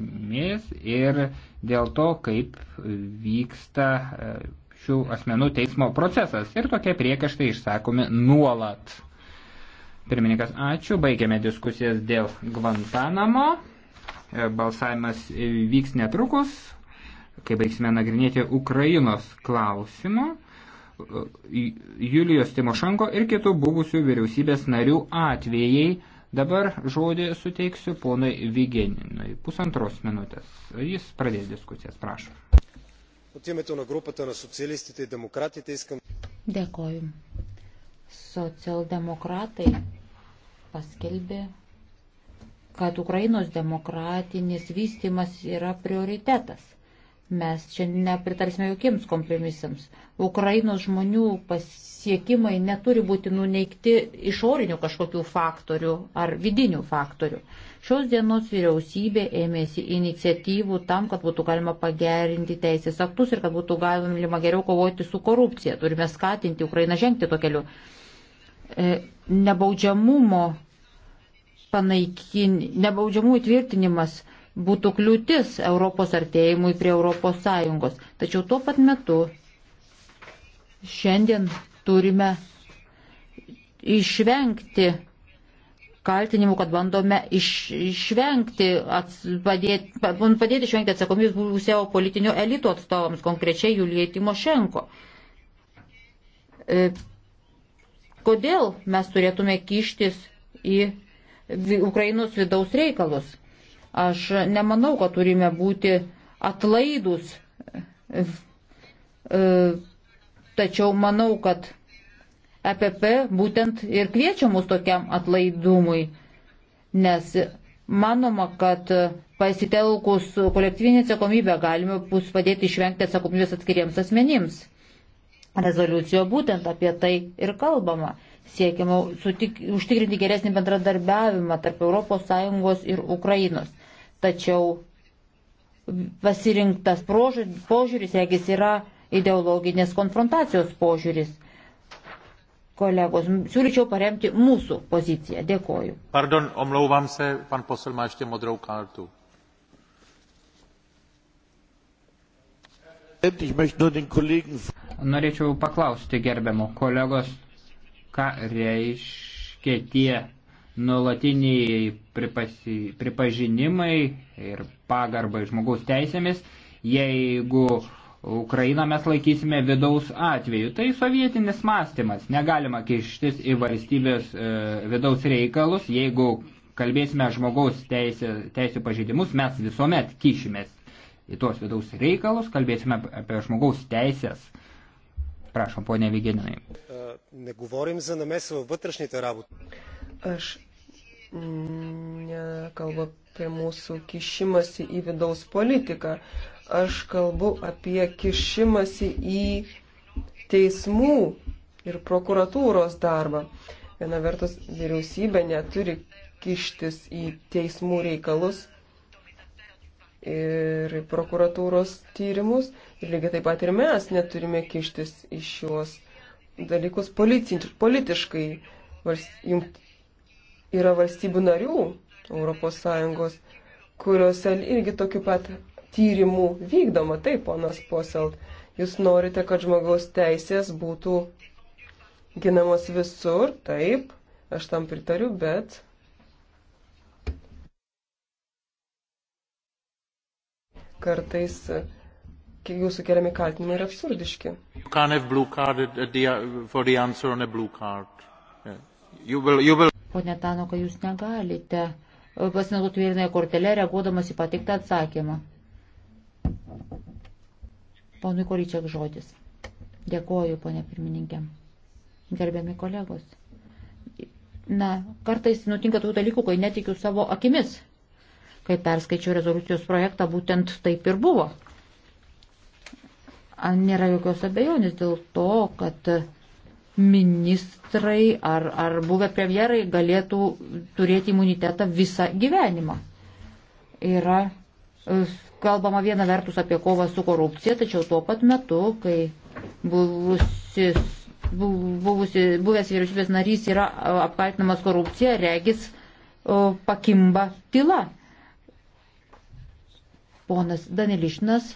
grėsmės ir dėl to, kaip vyksta e, šių asmenų teismo procesas. Ir tokie priekaštai išsakomi nuolat. Pirmininkas, ačiū. Baigiame diskusijas dėl Guantanamo. E, balsavimas vyks netrukus, kai baigsime nagrinėti Ukrainos klausimą. E, Julijos Timošanko ir kitų buvusių vyriausybės narių atvejai Dabar žodį suteiksiu ponui Vigeninui. Pusantros minutės. Jis pradės diskusijas, prašom. Dėkoju. Socialdemokratai paskelbė, kad Ukrainos demokratinis vystimas yra prioritetas – Mes čia nepritarsime jokiems kompromisams. Ukrainos žmonių pasiekimai neturi būti nuneikti išorinių kažkokių faktorių ar vidinių faktorių. Šios dienos vyriausybė ėmėsi iniciatyvų tam, kad būtų galima pagerinti teisės aktus ir kad būtų galima geriau kovoti su korupcija. Turime skatinti Ukrainą žengti tuo keliu. E, nebaudžiamumo panaikin, nebaudžiamų įtvirtinimas būtų kliūtis Europos artėjimui prie Europos Sąjungos. Tačiau tuo pat metu šiandien turime išvengti kaltinimų, kad bandome iš, išvengti, ats, padėti, padėti išvengti atsakomybės būsėjo politinio elito atstovams, konkrečiai Julijai Timošenko. E, kodėl mes turėtume kištis į Ukrainos vidaus reikalus? Aš nemanau, kad turime būti atlaidus, e, e, tačiau manau, kad EPP būtent ir kviečia mus tokiam atlaidumui, nes manoma, kad pasitelkus kolektyvinį atsakomybę galime bus padėti išvengti atsakomybės atskiriems asmenims. Rezoliucijoje būtent apie tai ir kalbama. Siekiama sutik, užtikrinti geresnį bendradarbiavimą tarp ES ir Ukrainos tačiau pasirinktas požiūris, regis, yra ideologinės konfrontacijos požiūris. Kolegos, siūlyčiau paremti mūsų poziciją. Dėkoju. Pardon, omlouvám se, pan posel má ještě modrou kartu. Norėčiau paklausti gerbiamo kolegos, ką reiškia tie nuolatiniai pripasi, pripažinimai ir pagarbai žmogaus teisėmis, jeigu Ukrainą mes laikysime vidaus atveju. Tai sovietinis mąstymas. Negalima kištis į valstybės e, vidaus reikalus. Jeigu kalbėsime žmogaus teisė, teisų pažeidimus, mes visuomet kišimės į tuos vidaus reikalus, kalbėsime apie žmogaus teisės. Prašom, ponė Vigeninai. Negovorim za namesą vatrašnytę работу. Aš nekalbu apie mūsų kišimasi į vidaus politiką. Aš kalbu apie kišimasi į teismų ir prokuratūros darbą. Viena vertus, vyriausybė neturi kištis į teismų reikalus ir prokuratūros tyrimus. Ir lygiai taip pat ir mes neturime kištis į šiuos dalykus politi politiškai. Jums yra valstybių narių ES, kuriuose irgi tokiu pat tyrimų vykdoma. Taip, ponas Poselt, jūs norite, kad žmogaus teisės būtų ginamos visur, taip, aš tam pritariu, bet. Kartais jūsų keliami kaltinimai yra absurdiški. You uh, uh, will, you will Pone Tanoka, jūs negalite e, pasinaudoti vienąją kortelę, reaguodamas į patiktą atsakymą. Ponui Koryčiak žodis. Dėkoju, ponė pirmininkė. Gerbiami kolegos. Na, kartais nutinka tų dalykų, kai netikiu savo akimis. Kai perskaičiau rezoliucijos projektą, būtent taip ir buvo. Nėra jokios abejonės dėl to, kad ministrai ar, ar buvę premjerai galėtų turėti imunitetą visą gyvenimą. Yra e, kalbama viena vertus apie kovą su korupcija, tačiau tuo pat metu, kai buvusis, buvusi, buvęs vyriausybės narys yra e, apkaltinamas korupcija, regis e, pakimba tyla. Ponas Danilišnas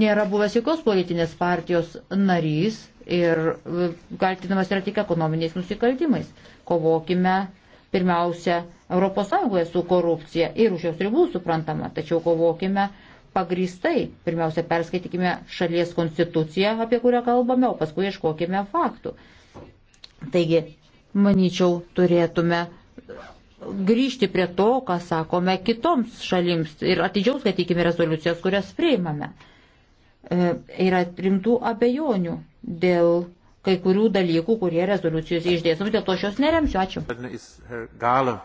nėra buvęs jokios politinės partijos narys, ir e, kaltinamas yra tik ekonominiais nusikaltimais. Kovokime pirmiausia ES su korupcija ir už jos ribų suprantama, tačiau kovokime pagristai. Pirmiausia, perskaitykime šalies konstituciją, apie kurią kalbame, o paskui ieškokime faktų. Taigi, manyčiau, turėtume grįžti prie to, ką sakome kitoms šalims ir atidžiau skaitykime rezoliucijas, kurias priimame. E, yra rimtų abejonių dėl kai kurių dalykų, kurie rezoliucijos išdėstomi, dėl to aš jos neremsiu. Ačiū.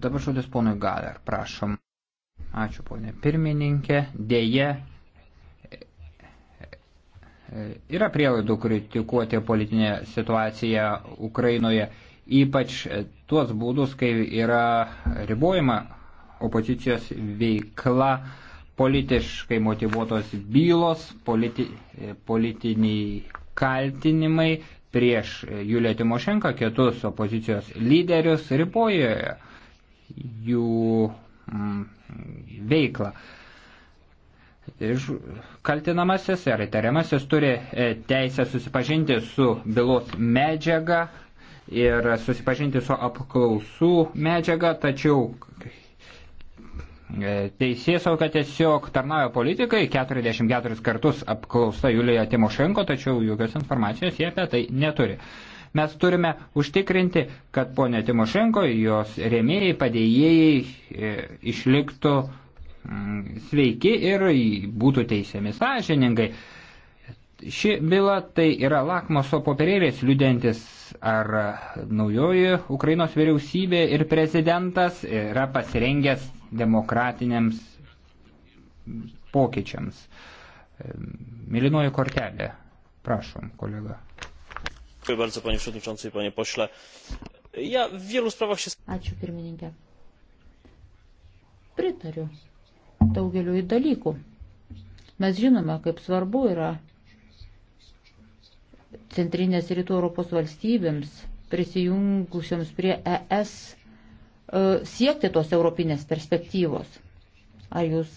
Dabar žodis ponui Galer, prašom. Ačiū, ponė pirmininkė. Deja, yra prielaidų kritikuoti politinę situaciją Ukrainoje, ypač tuos būdus, kai yra ribojama opozicijos veikla politiškai motivuotos bylos, politi, politiniai kaltinimai prieš Juliją Timošenką, kitus opozicijos lyderius ribojo jų mm, veiklą. Kaltinamasis ar įtariamasis turi e, teisę susipažinti su bylos medžiaga ir susipažinti su apklausų medžiaga, tačiau E, teisėsauga tiesiog tarnauja politikai, 44 kartus apklausta Julija Timošenko, tačiau jokios informacijos jie apie tai neturi. Mes turime užtikrinti, kad ponė Timošenko, jos rėmėjai, padėjėjai e, išliktų mm, sveiki ir būtų teisiami sąžiningai. Ši byla tai yra lakmoso popierėlės liūdintis, ar naujoji Ukrainos vyriausybė ir prezidentas yra pasirengęs demokratiniams pokyčiams. Milinoji kortelė. Prašom, kolega. Dziękuję bardzo, panie przewodniczący i panie pośle. Ja w wielu sprawach się... Ačiū, pirmininkė. Pritariu daugeliu į dalykų. Mes žinome, kaip svarbu yra centrinės rytų Europos valstybėms prisijungusiams prie ES E, siekti tos europinės perspektyvos? Ar jūs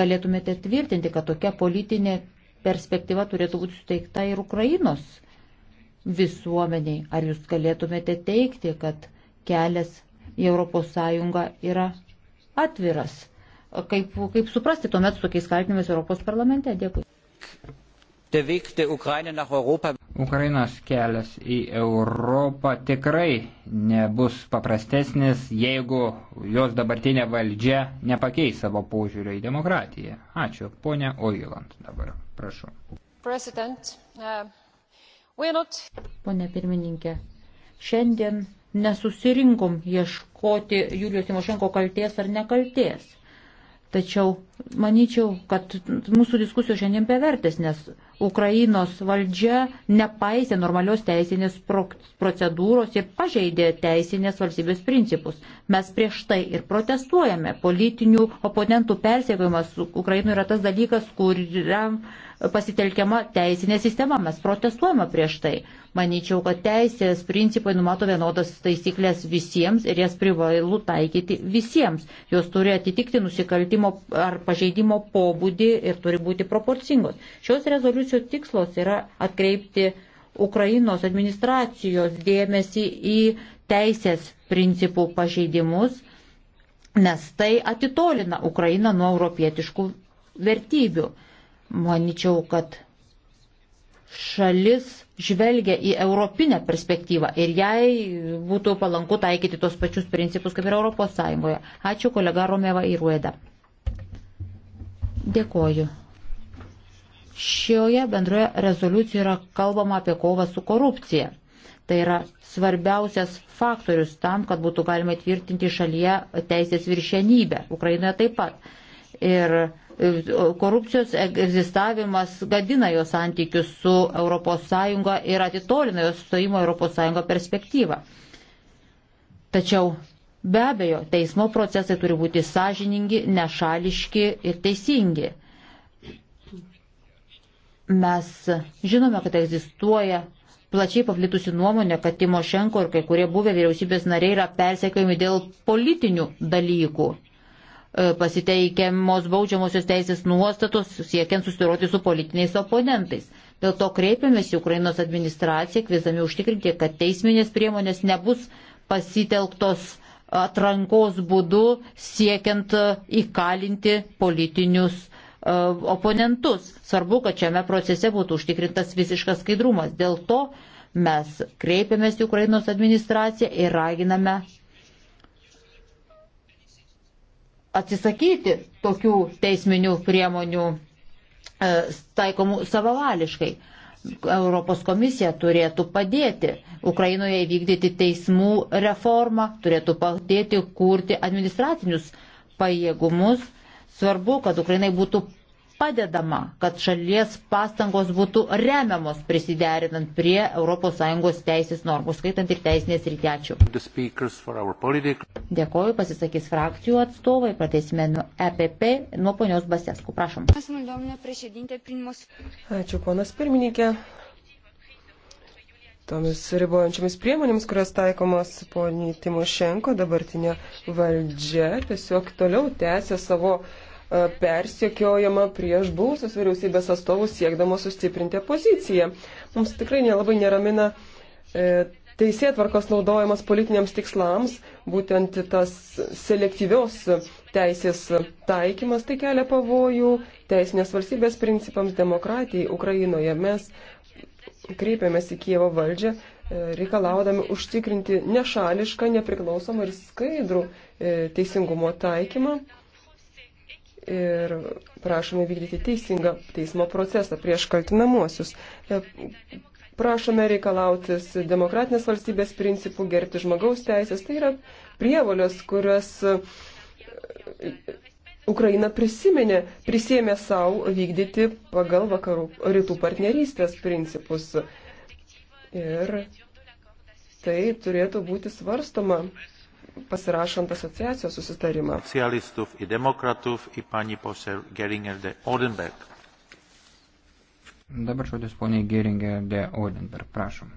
galėtumėte tvirtinti, kad tokia politinė perspektyva turėtų būti suteikta ir Ukrainos visuomeniai? Ar jūs galėtumėte teikti, kad kelias į ES yra atviras? Kaip, kaip suprasti tuomet su tokiais kaltinimais Europos parlamente? Dėkui. Der Weg der Ukraine nach Europa Ukrainos kelias į Europą tikrai nebus paprastesnis, jeigu jos dabartinė valdžia nepakeis savo požiūrio į demokratiją. Ačiū, ponia Oiland, dabar prašau. Uh, not... Pone pirmininkė, šiandien nesusirinkom ieškoti Julijos Timošenko kalties ar nekalties. Tačiau Maničiau, kad mūsų diskusijos šiandien bevertės, nes Ukrainos valdžia nepaisė normalios teisinės procedūros ir pažeidė teisinės valstybės principus. Mes prieš tai ir protestuojame. Politinių oponentų persiekimas Ukrainoje yra tas dalykas, kuriam pasitelkiama teisinė sistema. Mes protestuojame prieš tai. Maničiau, kad teisės principai numato vienodas taisyklės visiems ir jas privalu taikyti visiems. Jos turi atitikti nusikaltimo ar pažeidimo pobūdį ir turi būti proporcingos. Šios rezoliucijos tikslas yra atkreipti Ukrainos administracijos dėmesį į teisės principų pažeidimus, nes tai atitolina Ukrainą nuo europietiškų vertybių. Maničiau, kad šalis žvelgia į europinę perspektyvą ir jai būtų palanku taikyti tos pačius principus kaip ir Europos Sąjungoje. Ačiū kolega Romeva Irueda. Dėkoju. Šioje bendroje rezoliucijoje yra kalbama apie kovą su korupcija. Tai yra svarbiausias faktorius tam, kad būtų galima tvirtinti šalyje teisės viršenybę. Ukrainoje taip pat. Ir e, korupcijos egzistavimas gadina jos santykius su ES ir atitolina jos stojimo ES perspektyvą. Tačiau Be abejo, teismo procesai turi būti sąžiningi, nešališki ir teisingi. Mes žinome, kad egzistuoja plačiai paplitusi nuomonė, kad Timošenko ir kai kurie buvę vyriausybės nariai yra persekiojami dėl politinių dalykų e, pasiteikiamos baudžiamosios teisės nuostatos siekiant susiroti su politiniais oponentais. Dėl to kreipiamės į Ukrainos administraciją, kviesdami užtikrinti, kad teisminės priemonės nebus pasitelktos atrankos būdu siekiant įkalinti politinius e, oponentus. Svarbu, kad šiame procese būtų užtikrintas visiškas skaidrumas. Dėl to mes kreipiamės į Ukrainos administraciją ir raginame atsisakyti tokių teisminių priemonių e, taikomų savavališkai. Europos komisija turėtų padėti Ukrainoje įvykdyti teismų reformą, turėtų padėti kurti administracinius pajėgumus. Svarbu, kad Ukrainai būtų padedama, kad šalies pastangos būtų remiamos prisiderinant prie ES teisės normų, skaitant ir teisinės rytį. Ačiū. Dėkoju, pasisakys frakcijų atstovai, pratesime nuo EPP, nuo ponios Basesku. Prašom. Ačiū, ponas pirmininkė. Tomis ribojančiamis priemonėmis, kurios taikomos poniai Timošenko, dabartinė valdžia tiesiog toliau tęsia savo uh, E, persiekiojama prieš buvusios vyriausybės atstovus siekdama sustiprinti poziciją. Mums tikrai nelabai neramina e, teisėtvarkos naudojimas politiniams tikslams, būtent tas selektyvios teisės taikymas, tai kelia pavojų teisinės valstybės principams demokratijai Ukrainoje. Mes kreipiamės į Kievo valdžią, e, reikalaudami užtikrinti nešališką, nepriklausomą ir skaidrų e, teisingumo taikymą ir prašome vykdyti teisingą teismo procesą prieš kaltinamuosius. E, prašome reikalautis demokratinės valstybės principų, gerbti žmogaus teisės. Tai yra prievalios, kurias e, Ukraina prisiminė, prisėmė savo vykdyti pagal vakarų rytų partnerystės principus. Ir tai turėtų būti svarstoma pasirašant asociacijos susitarimą. Socialistów i demokratów i pani poseł Geringer de Odenberg. Dabar žodis poniai Geringer de Odenberg, prašom.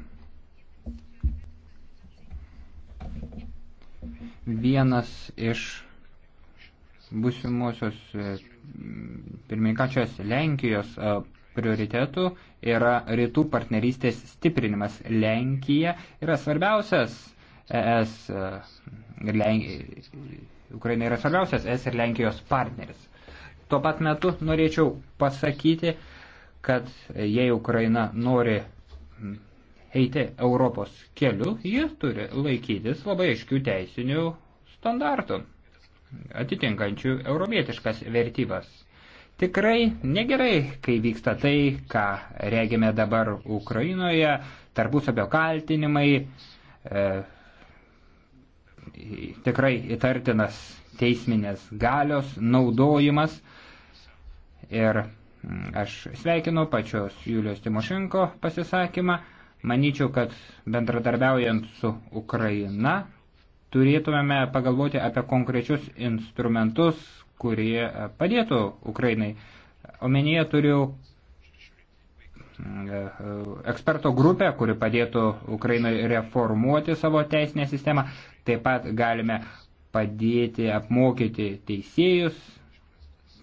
Vienas iš busimosios e, pirmininkačios Lenkijos e, prioritetų yra rytų partnerystės stiprinimas. Lenkija yra svarbiausias ES e, Ir Lenk... Ukraina yra svarbiausias es ir Lenkijos partneris. Tuo pat metu norėčiau pasakyti, kad jei Ukraina nori eiti Europos keliu, ji turi laikytis labai aiškių teisinių standartų, atitinkančių europietiškas vertybas. Tikrai negerai, kai vyksta tai, ką regime dabar Ukrainoje, tarpusabio kaltinimai, e, tikrai įtartinas teisminės galios naudojimas. Ir mm, aš sveikinu pačios Julijos Timošenko pasisakymą. Manyčiau, kad bendradarbiaujant su Ukraina turėtumėme pagalvoti apie konkrečius instrumentus, kurie padėtų Ukrainai. Omenyje turiu mm, e, e, eksperto grupę, kuri padėtų Ukrainai reformuoti savo teisinę sistemą. Taip pat galime padėti apmokyti teisėjus,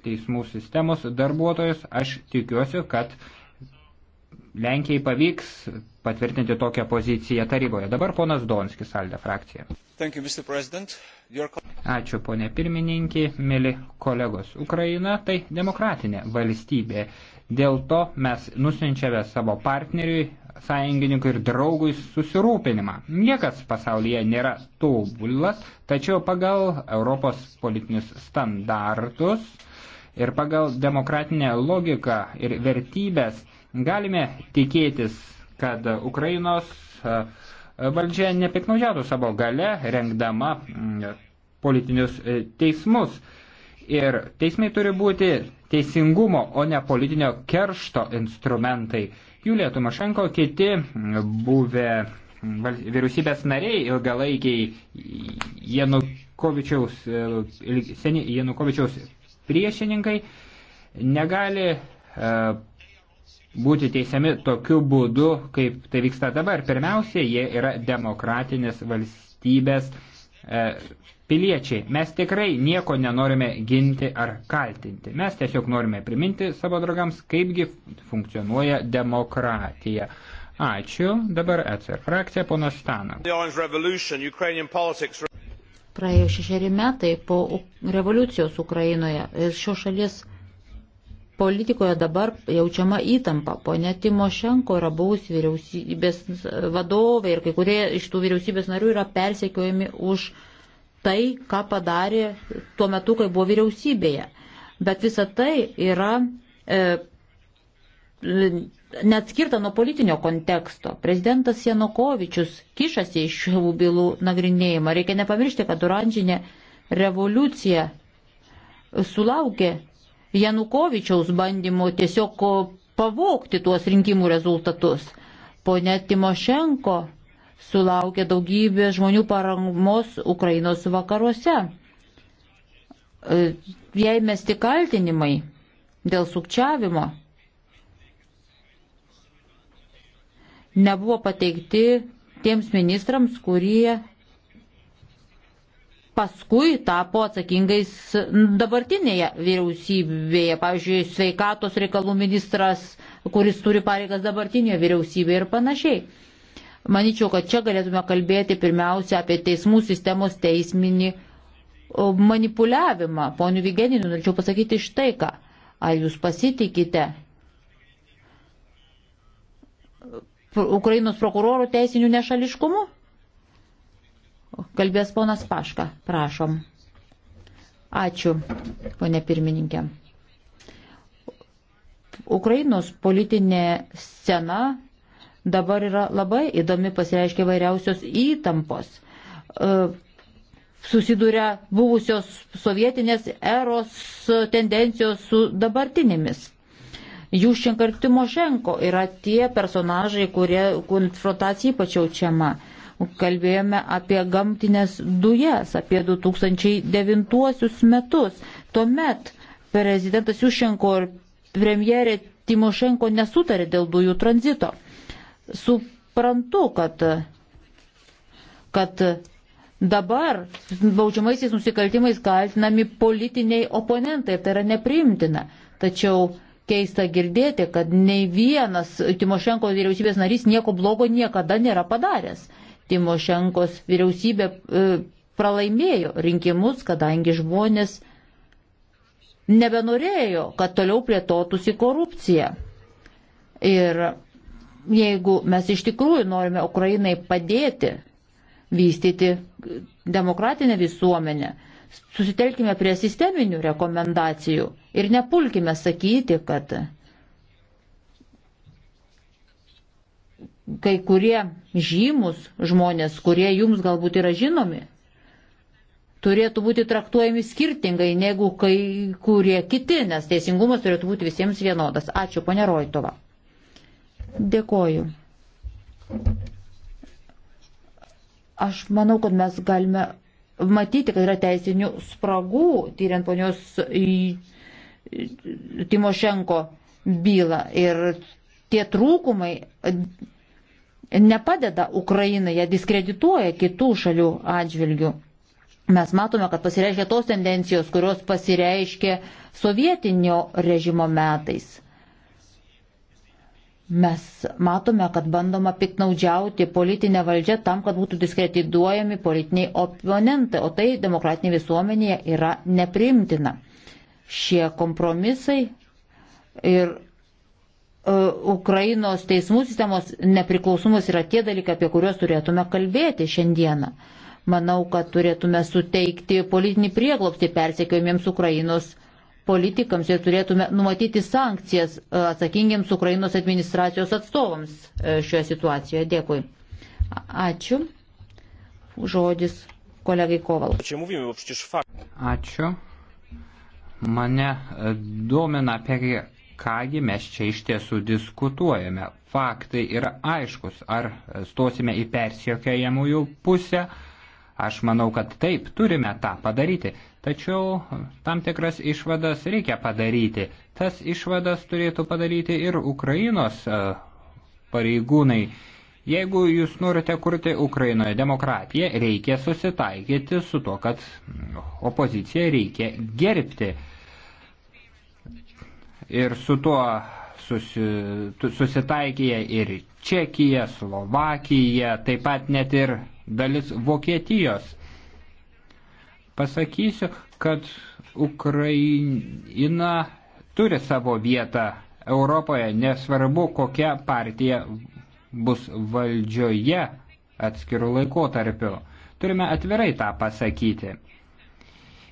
teismų sistemos darbuotojus. Aš tikiuosi, kad Lenkijai pavyks patvirtinti tokią poziciją taryboje. Dabar ponas Donskis, Alde frakcija. Thank you, Your... Ačiū, ponė pirmininkė, mėly kolegos. Ukraina tai demokratinė valstybė. Dėl to mes nusinčiame savo partneriui, sąjungininkui ir draugui susirūpinimą. Niekas pasaulyje nėra tobulas, tačiau pagal Europos politinius standartus ir pagal demokratinę logiką ir vertybės galime tikėtis, kad Ukrainos e, valdžia nepiknaudžiautų savo gale, rengdama mm, politinius e, teismus. Ir teismai turi būti teisingumo, o ne politinio keršto instrumentai. Julija Tumašenko, kiti buvę vyriausybės nariai ilgalaikiai Janukovičiaus, e, seni Janukovičiaus priešininkai negali e, būti teisiami tokiu būdu, kaip tai vyksta dabar. Pirmiausia, jie yra demokratinės valstybės e, Piliečiai, mes tikrai nieko nenorime ginti ar kaltinti. Mes tiesiog norime priminti savo draugams, kaipgi funkcionuoja demokratija. Ačiū. Dabar ECR frakcija, ponas Stanas. Praėjo šešeri metai po revoliucijos Ukrainoje ir šios šalies politikoje dabar jaučiama įtampa. Pone Timošenko yra buvusi vyriausybės vadovai ir kai kurie iš tų vyriausybės narių yra persekiojami už tai, ką padarė tuo metu, kai buvo vyriausybėje. Bet visa tai yra e, neatskirta nuo politinio konteksto. Prezidentas Janukovičius kišasi iš šių bylų nagrinėjimą. Reikia nepamiršti, kad oranžinė revoliucija sulaukė Janukovičiaus bandymų tiesiog pavokti tuos rinkimų rezultatus. Pone Timošenko sulaukė daugybė žmonių paramos Ukrainos vakaruose. E, Jei mesti kaltinimai dėl sukčiavimo, nebuvo pateikti tiems ministrams, kurie paskui tapo atsakingais dabartinėje vyriausybėje. Pavyzdžiui, sveikatos reikalų ministras, kuris turi pareigas dabartinėje vyriausybėje ir panašiai. Maničiau, kad čia galėtume kalbėti pirmiausia apie teismų sistemos teisminį manipuliavimą. Poniu Vigeninu, norėčiau pasakyti štai ką. Ar jūs pasitikite Ukrainos prokurorų teisinių nešališkumu? Kalbės ponas Paška, prašom. Ačiū, ponė pirmininkė. Ukrainos politinė scena dabar yra labai įdomi, pasireiškia vairiausios įtampos. E, susiduria buvusios sovietinės eros tendencijos su dabartinėmis. Jūščenka ir Timošenko yra tie personažai, kurie konfrontacija ypač jaučiama. Kalbėjome apie gamtinės dujas, apie 2009 metus. Tuomet prezidentas Jūščenko ir premjerė Timošenko nesutarė dėl dujų tranzito. Suprantu, kad, kad dabar baudžiamaisiais nusikaltimais kaltinami politiniai oponentai ir tai yra nepriimtina. Tačiau keista girdėti, kad nei vienas Timošenko vyriausybės narys nieko blogo niekada nėra padaręs. Timošenkos vyriausybė e, pralaimėjo rinkimus, kadangi žmonės nebenorėjo, kad toliau plėtotųsi korupcija. Ir jeigu mes iš tikrųjų norime Ukrainai padėti vystyti demokratinę visuomenę, susitelkime prie sisteminių rekomendacijų ir nepulkime sakyti, kad kai kurie žymus žmonės, kurie jums galbūt yra žinomi, turėtų būti traktuojami skirtingai negu kai kurie kiti, nes teisingumas turėtų būti visiems vienodas. Ačiū, ponia Roitova. Dėkoju. Aš manau, kad mes galime matyti, kad yra teisinių spragų, tyriant ponios Timošenko bylą. Ir tie trūkumai nepadeda Ukrainai, jie diskredituoja kitų šalių atžvilgių. Mes matome, kad pasireiškia tos tendencijos, kurios pasireiškia sovietinio režimo metais. Mes matome, kad bandoma piknaudžiauti politinę valdžią tam, kad būtų diskretiduojami politiniai oponentai, o tai demokratinė visuomenėje yra neprimtina. Šie kompromisai ir e, Ukrainos teismų sistemos nepriklausomumas yra tie dalykai, apie kuriuos turėtume kalbėti šiandieną. Manau, kad turėtume suteikti politinį prieglopstį persekiojimiems Ukrainos politikams ir turėtume numatyti sankcijas e, atsakingiams Ukrainos administracijos atstovams e, šioje situacijoje. Dėkui. Ačiū. Žodis kolegai Koval. Ačiū. Mane e, domina, apie kągi mes čia iš tiesų diskutuojame. Faktai yra aiškus, ar stosime į persiekėjamųjų pusę, Aš manau, kad taip, turime tą padaryti, tačiau tam tikras išvadas reikia padaryti. Tas išvadas turėtų padaryti ir Ukrainos e, pareigūnai. Jeigu jūs norite kurti Ukrainoje demokratiją, reikia susitaikyti su to, kad opoziciją reikia gerbti. Ir su tuo susi, susitaikė ir Čekija, Slovakija, taip pat net ir dalis Vokietijos. Pasakysiu, kad Ukraina turi savo vietą Europoje, nesvarbu, kokia partija bus valdžioje atskirų laikotarpių. Turime atvirai tą pasakyti.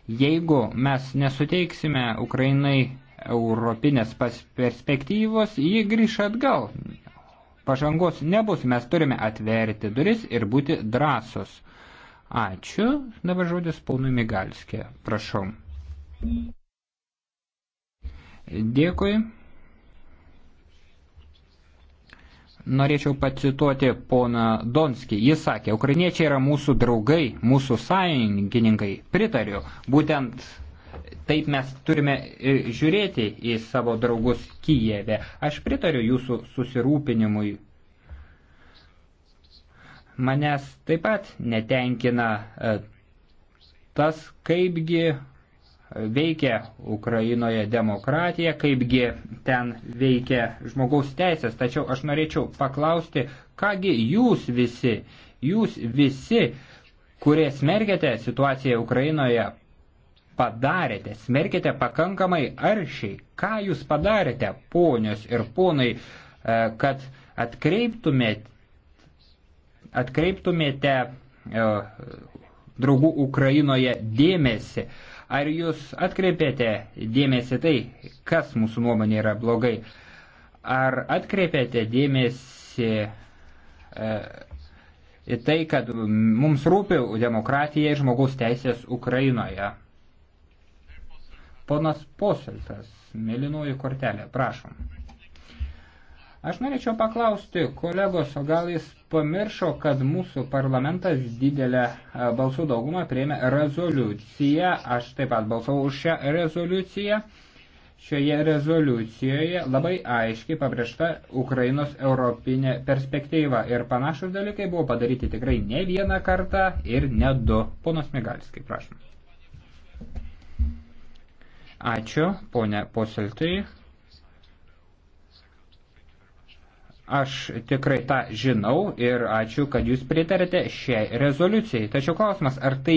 Jeigu mes nesuteiksime Ukrainai europinės perspektyvos, ji grįš atgal pažangos nebus. Mes turime atverti duris ir būti drąsos. Ačiū. Dabar žodis ponui Migalskė. Prašau. Dėkui. Norėčiau pacituoti poną Donskį. Jis sakė, ukrainiečiai yra mūsų draugai, mūsų sąjungininkai. Pritariu. Būtent taip mes turime e, žiūrėti į savo draugus Kijeve. Aš pritariu jūsų susirūpinimui. Manęs taip pat netenkina e, tas, kaipgi veikia Ukrainoje demokratija, kaipgi ten veikia žmogaus teisės. Tačiau aš norėčiau paklausti, kągi jūs visi, jūs visi, kurie smergiate situaciją Ukrainoje, padarėte? Smerkite pakankamai aršiai. Ką jūs padarėte, ponios ir ponai, e, kad atkreiptumėte, atkreiptumėte draugų Ukrainoje dėmesį? Ar jūs atkreipėte dėmesį tai, kas mūsų nuomonė yra blogai? Ar atkreipėte dėmesį e, į tai, kad mums rūpi demokratija ir žmogaus teisės Ukrainoje? Ponas Posiltas, mėlynoji kortelė, prašom. Aš norėčiau paklausti kolegos, o gal jis pamiršo, kad mūsų parlamentas didelę e, balsų daugumą prieėmė rezoliuciją. Aš taip pat balsavau už šią rezoliuciją. Šioje rezoliucijoje labai aiškiai pabrėžta Ukrainos europinė perspektyva ir panašus dalykai buvo padaryti tikrai ne vieną kartą ir ne du. Ponas Migalskai, prašom. Ačiū, ponė Poseltai. Aš tikrai tą žinau ir ačiū, kad jūs pritarėte šiai rezoliucijai. Tačiau klausimas, ar tai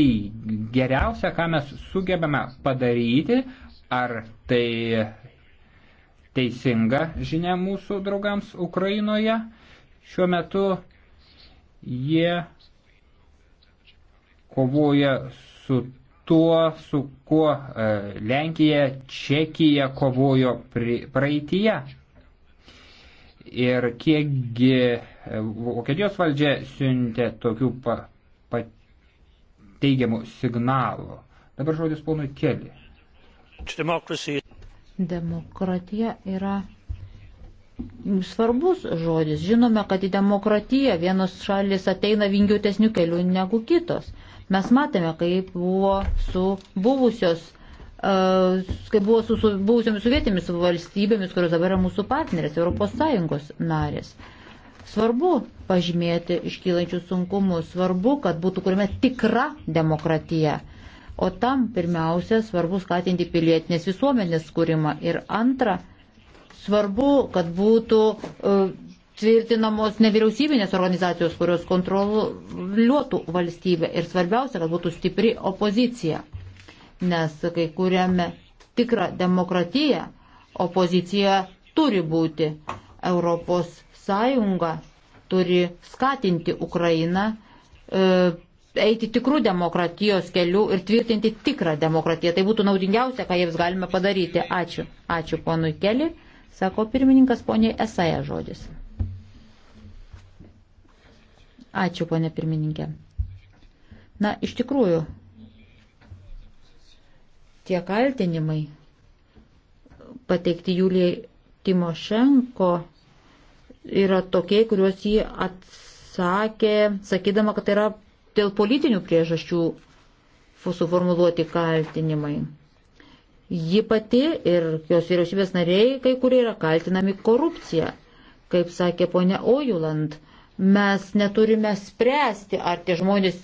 geriausia, ką mes sugebame padaryti, ar tai teisinga žinia mūsų draugams Ukrainoje. Šiuo metu jie kovoja su tuo, su kuo e, Lenkija, Čekija kovojo praeitie. Ir kiekgi e, Vokietijos valdžia siuntė tokių pa, pa, teigiamų signalų. Dabar žodis ponui Keli. Demokratija yra svarbus žodis. Žinome, kad į demokratiją vienos šalis ateina vingiuotesnių kelių negu kitos. Mes matėme, kaip buvo su buvusios e, kaip buvo su, su buvusiomis sovietėmis valstybėmis, kurios dabar yra mūsų partnerės, ES narės. Svarbu pažymėti iškylančius sunkumus, svarbu, kad būtų kuriame tikra demokratija. O tam pirmiausia svarbu skatinti pilietinės visuomenės skūrimą. Ir antra, svarbu, kad būtų uh, tvirtinamos nevyriausybinės organizacijos, kurios kontroliuotų valstybę. Ir svarbiausia, kad būtų stipri opozicija. Nes kai kuriame tikrą demokratiją, opozicija turi būti. Europos Sąjunga turi skatinti Ukrainą e, eiti tikrų demokratijos kelių ir tvirtinti tikrą demokratiją. Tai būtų naudingiausia, ką jiems galime padaryti. Ačiū. Ačiū ponui Keli, sako pirmininkas poniai Esaja žodis. Ačiū, ponė pirmininkė. Na, iš tikrųjų, tie kaltinimai pateikti Julijai Timošenko yra tokie, kuriuos jį atsakė, sakydama, kad tai yra dėl politinių priežasčių suformuluoti kaltinimai. Ji pati ir jos vyriausybės nariai kai kurie yra kaltinami korupcija. Kaip sakė ponia Ojuland, Mes neturime spręsti, ar tie žmonės,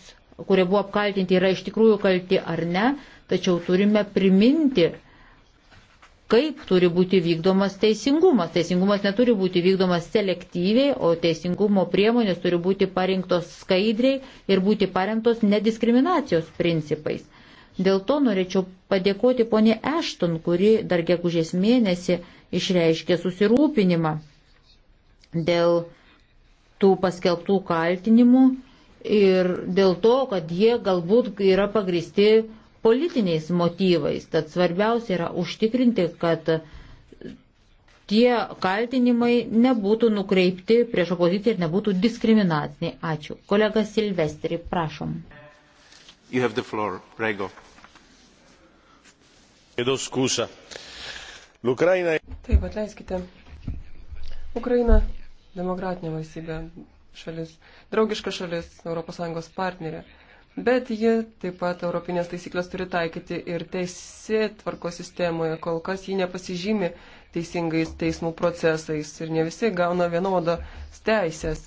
kurie buvo apkaltinti, yra iš tikrųjų kalti ar ne, tačiau turime priminti, kaip turi būti vykdomas teisingumas. Teisingumas neturi būti vykdomas selektyviai, o teisingumo priemonės turi būti parinktos skaidriai ir būti paremtos nediskriminacijos principais. Dėl to norėčiau padėkoti ponė Ešton, kuri dar gegužės mėnesį išreiškė susirūpinimą dėl tų paskelbtų kaltinimų ir dėl to, kad jie galbūt yra pagristi politiniais motyvais. Tad svarbiausia yra užtikrinti, kad tie kaltinimai nebūtų nukreipti prieš opoziciją ir nebūtų diskriminaciniai. Ačiū. Kolega Silvestri, prašom. Floor, Taip, atleiskite. Ukraina demokratinė valstybė, šalis, draugiška šalis, ES partnerė. Bet ji taip pat europinės taisyklės turi taikyti ir teisė tvarko sistemoje. Kol kas ji nepasižymi teisingais teismų procesais ir ne visi gauna vienodas teisės.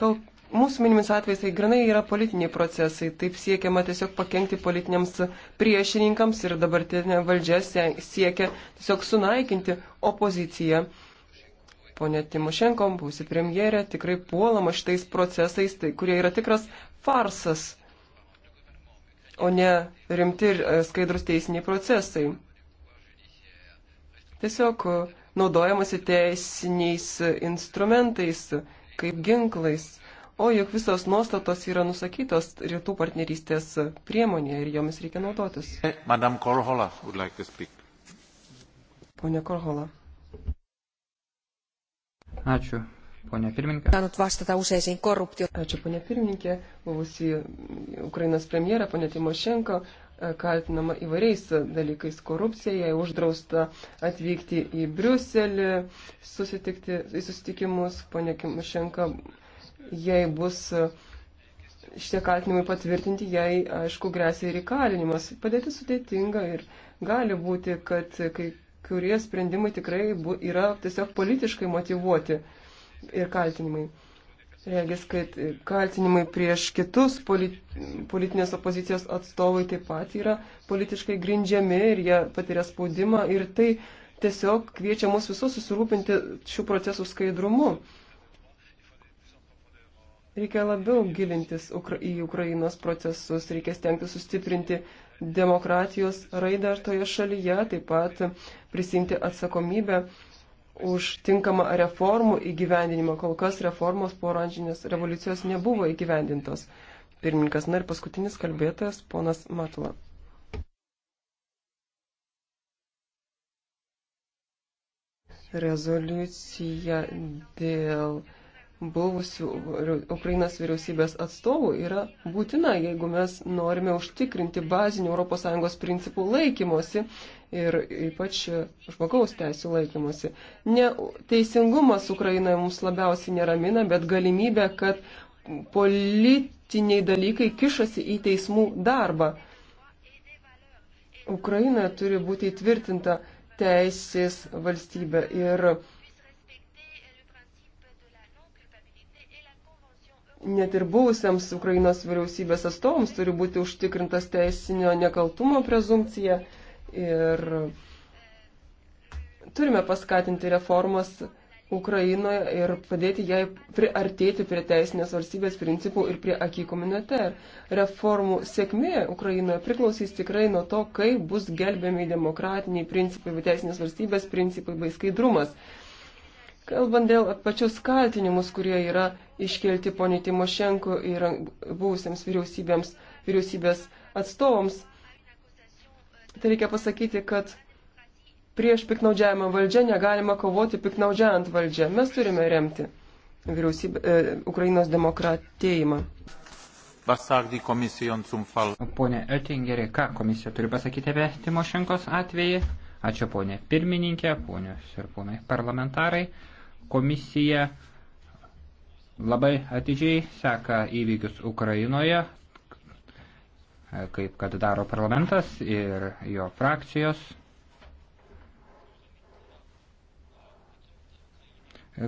Kol mūsų minimis atvejais tai grinai yra politiniai procesai. Taip siekiama tiesiog pakengti politiniams priešininkams ir dabartinė valdžia siekia tiesiog sunaikinti opoziciją ponė Timošenko, būsi premjerė, tikrai puolama šitais procesais, tai, kurie yra tikras farsas, o ne rimti ir e, skaidrus teisiniai procesai. Tiesiog e, naudojamasi teisiniais e, instrumentais, kaip ginklais, o juk visos nuostatos yra nusakytos rytų partnerystės priemonėje ir jomis reikia naudotis. Madame Korhola would like to speak. Pone Korhola. Ačiū, ponė pirmininkė. Ačiū, ponė pirmininkė. Buvusi e, Ukrainos premjera, ponė Timošenko, e, kaltinama įvairiais dalykais - korupcija, jai uždrausta atvykti į Briuselį, susitikti į susitikimus, ponė Timošenko, jei bus e, šitie kaltinimai patvirtinti, jai, aišku, grėsia ir įkalinimas. Padėtis sudėtinga ir gali būti, kad kai kurie sprendimai tikrai bu, yra tiesiog politiškai motivuoti ir kaltinimai. Regis, kad kaltinimai prieš kitus polit, politinės opozicijos atstovai taip pat yra politiškai grindžiami ir jie patiria spaudimą ir tai tiesiog kviečia mus visus susirūpinti šių procesų skaidrumu. Reikia labiau gilintis į Ukrainos procesus, reikia stengtis sustiprinti demokratijos raidą toje šalyje, taip pat prisimti atsakomybę už tinkamą reformų įgyvendinimą. Kol kas reformos po oranžinės revoliucijos nebuvo įgyvendintos. Pirmininkas, na ir paskutinis kalbėtojas, ponas Matula. Rezoliucija dėl buvusių Ukrainos vyriausybės atstovų yra būtina, jeigu mes norime užtikrinti bazinių ES principų laikymosi ir ypač žmogaus teisų laikymosi. Ne, teisingumas Ukrainoje mums labiausiai neramina, bet galimybė, kad politiniai dalykai kišasi į teismų darbą. Ukraina turi būti įtvirtinta teisės valstybė ir net ir buvusiems Ukrainos vyriausybės atstovams turi būti užtikrintas teisinio nekaltumo prezumcija ir turime paskatinti reformas Ukrainoje ir padėti jai priartėti prie teisinės valstybės principų ir prie akį komuniter. Reformų sėkmė Ukrainoje priklausys tikrai nuo to, kaip bus gelbėmi demokratiniai principai, teisinės valstybės principai bei skaidrumas. Kalbant dėl pačius kaltinimus, kurie yra iškelti poni Timošenko ir buvusiems vyriausybėms, vyriausybės atstovams, tai reikia pasakyti, kad prieš piknaudžiavimą valdžią negalima kovoti piknaudžiant valdžią. Mes turime remti vyriausybė, e, Ukrainos demokratėjimą. Pone Oettingeri, ką komisija turi pasakyti apie Timošenkos atvejį? Ačiū ponė pirmininkė, ponios ir ponai parlamentarai komisija labai atidžiai seka įvykius Ukrainoje, kaip kad daro parlamentas ir jo frakcijos.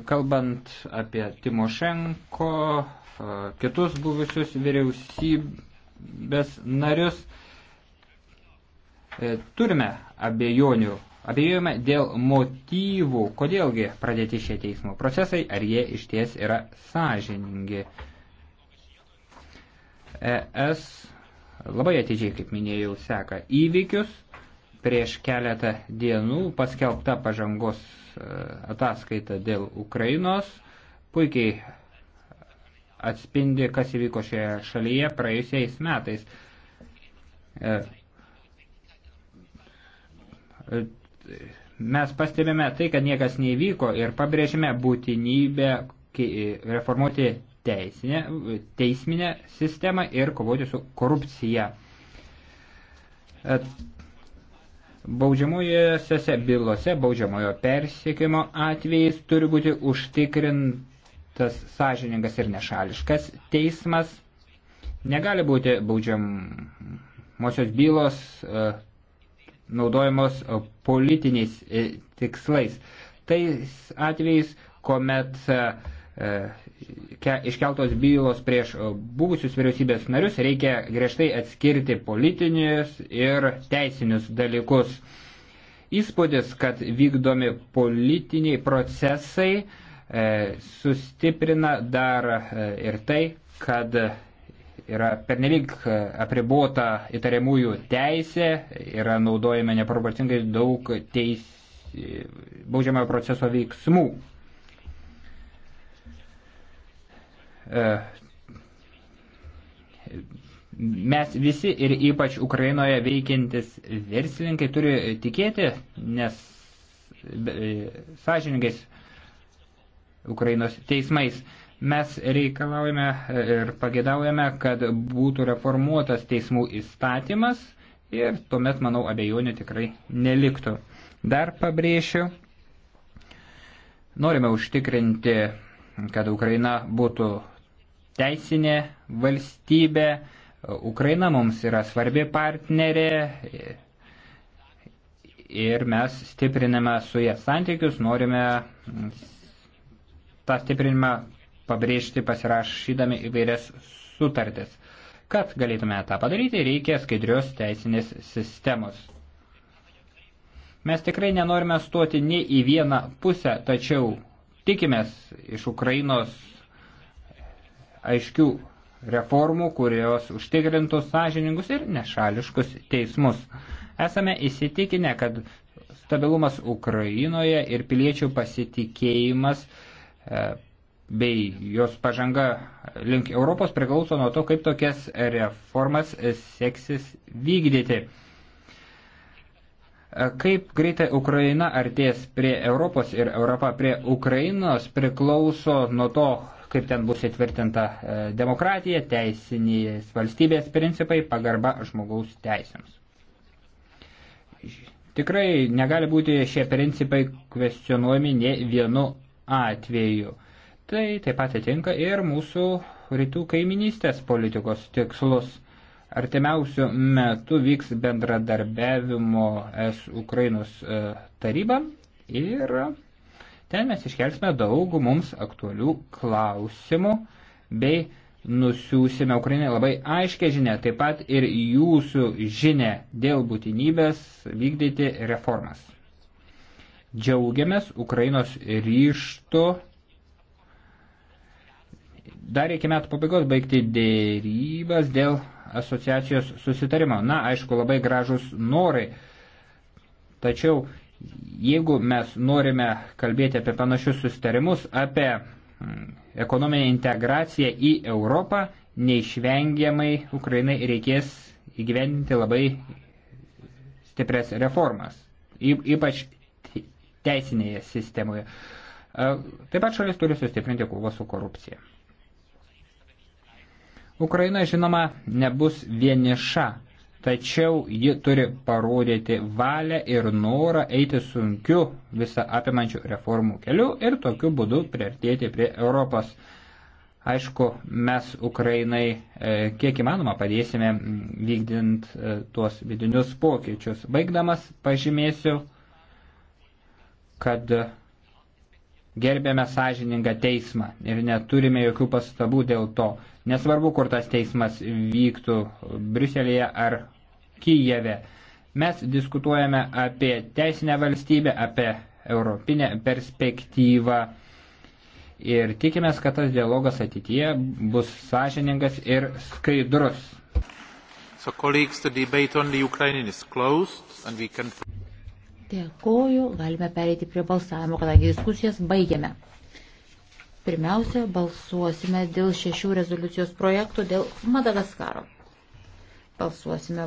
Kalbant apie Timošenko, kitus buvusius vyriausybės narius, turime abejonių Abejojame dėl motyvų, kodėlgi pradėti šie teismo procesai, ar jie išties yra sąžiningi. ES labai atidžiai, kaip minėjau, seka įvykius. Prieš keletą dienų paskelbta pažangos e, ataskaita dėl Ukrainos puikiai atspindi, kas įvyko šioje šalyje praėjusiais metais. E, e, mes pastebime tai, kad niekas neįvyko ir pabrėžime būtinybę reformuoti teisinę, teisminę sistemą ir kovoti su korupcija. E, baudžiamojose bylose baudžiamojo persiekimo atvejais turi būti užtikrintas sąžiningas ir nešališkas teismas. Negali būti baudžiamosios bylos e, naudojamos e, politiniais e, tikslais. Tais atvejais, kuomet e, iškeltos bylos prieš buvusius vyriausybės narius reikia griežtai atskirti politinius ir teisinius dalykus. Įspūdis, kad vykdomi politiniai procesai sustiprina dar ir tai, kad yra pernelyg e, apribuota įtariamųjų teisė, yra naudojama neproporcingai daug teis, baudžiamojo proceso veiksmų. E, mes visi ir ypač Ukrainoje veikiantis verslininkai turi tikėti, nes e, sąžiningais Ukrainos teismais. Mes reikalaujame e, ir pagėdaujame, kad būtų reformuotas teismų įstatymas ir tuomet, manau, abejonių tikrai neliktų. Dar pabrėšiu, norime užtikrinti, kad Ukraina būtų teisinė valstybė. Ukraina mums yra svarbi partnerė ir mes stipriname su jie santykius, norime tą stiprinimą pabrėžti pasirašydami įvairias sutartis. Kad galėtume tą padaryti, reikia skaidrios teisinės sistemos. Mes tikrai nenorime stoti nei į vieną pusę, tačiau tikimės iš Ukrainos aiškių reformų, kurios užtikrintų sąžiningus ir nešališkus teismus. Esame įsitikinę, kad stabilumas Ukrainoje ir piliečių pasitikėjimas e, bei jos pažanga link Europos priklauso nuo to, kaip tokias reformas seksis vykdyti. Kaip greitai Ukraina artės prie Europos ir Europa prie Ukrainos priklauso nuo to, kaip ten bus įtvirtinta e, demokratija, teisinės valstybės principai, pagarba žmogaus teisėms. Tikrai negali būti šie principai kvestionuojami ne vienu atveju. Tai taip pat atitinka ir mūsų rytų kaiminystės politikos tikslus. Artimiausių metų vyks bendradarbiavimo S Ukrainos e, taryba ir ten mes iškelsime daug mums aktualių klausimų bei nusiųsime Ukrainai labai aiškę žinę, taip pat ir jūsų žinę dėl būtinybės vykdyti reformas. Džiaugiamės Ukrainos ryšto dar iki metų pabaigos baigti dėrybas dėl asociacijos susitarimo. Na, aišku, labai gražus norai, tačiau jeigu mes norime kalbėti apie panašius susitarimus, apie mm, ekonominę integraciją į Europą, neišvengiamai Ukrainai reikės įgyvendinti labai stipres reformas, ypač teisinėje sistemoje. Taip pat šalis turi sustiprinti kovą su korupcija. Ukraina, žinoma, nebus vieniša, tačiau ji turi parodyti valią ir norą eiti sunkiu visą apimančių reformų keliu ir tokiu būdu priartėti prie Europos. Aišku, mes Ukrainai e, kiek įmanoma padėsime vykdint e, tuos vidinius pokyčius. Baigdamas pažymėsiu, kad gerbėme sąžiningą teismą ir neturime jokių pastabų dėl to. Nesvarbu, kur tas teismas vyktų - Briuselėje ar Kyjeve. Mes diskutuojame apie teisinę valstybę, apie europinę perspektyvą ir tikimės, kad tas dialogas ateityje bus sąžiningas ir skaidrus. So colleagues, the debate on the Ukraine is closed and we can... Dėkoju, galime pereiti prie balsavimo, kadangi diskusijas baigiame. Pirmiausia, balsuosime dėl šešių rezoliucijos projektų dėl Madagaskaro. Balsuosime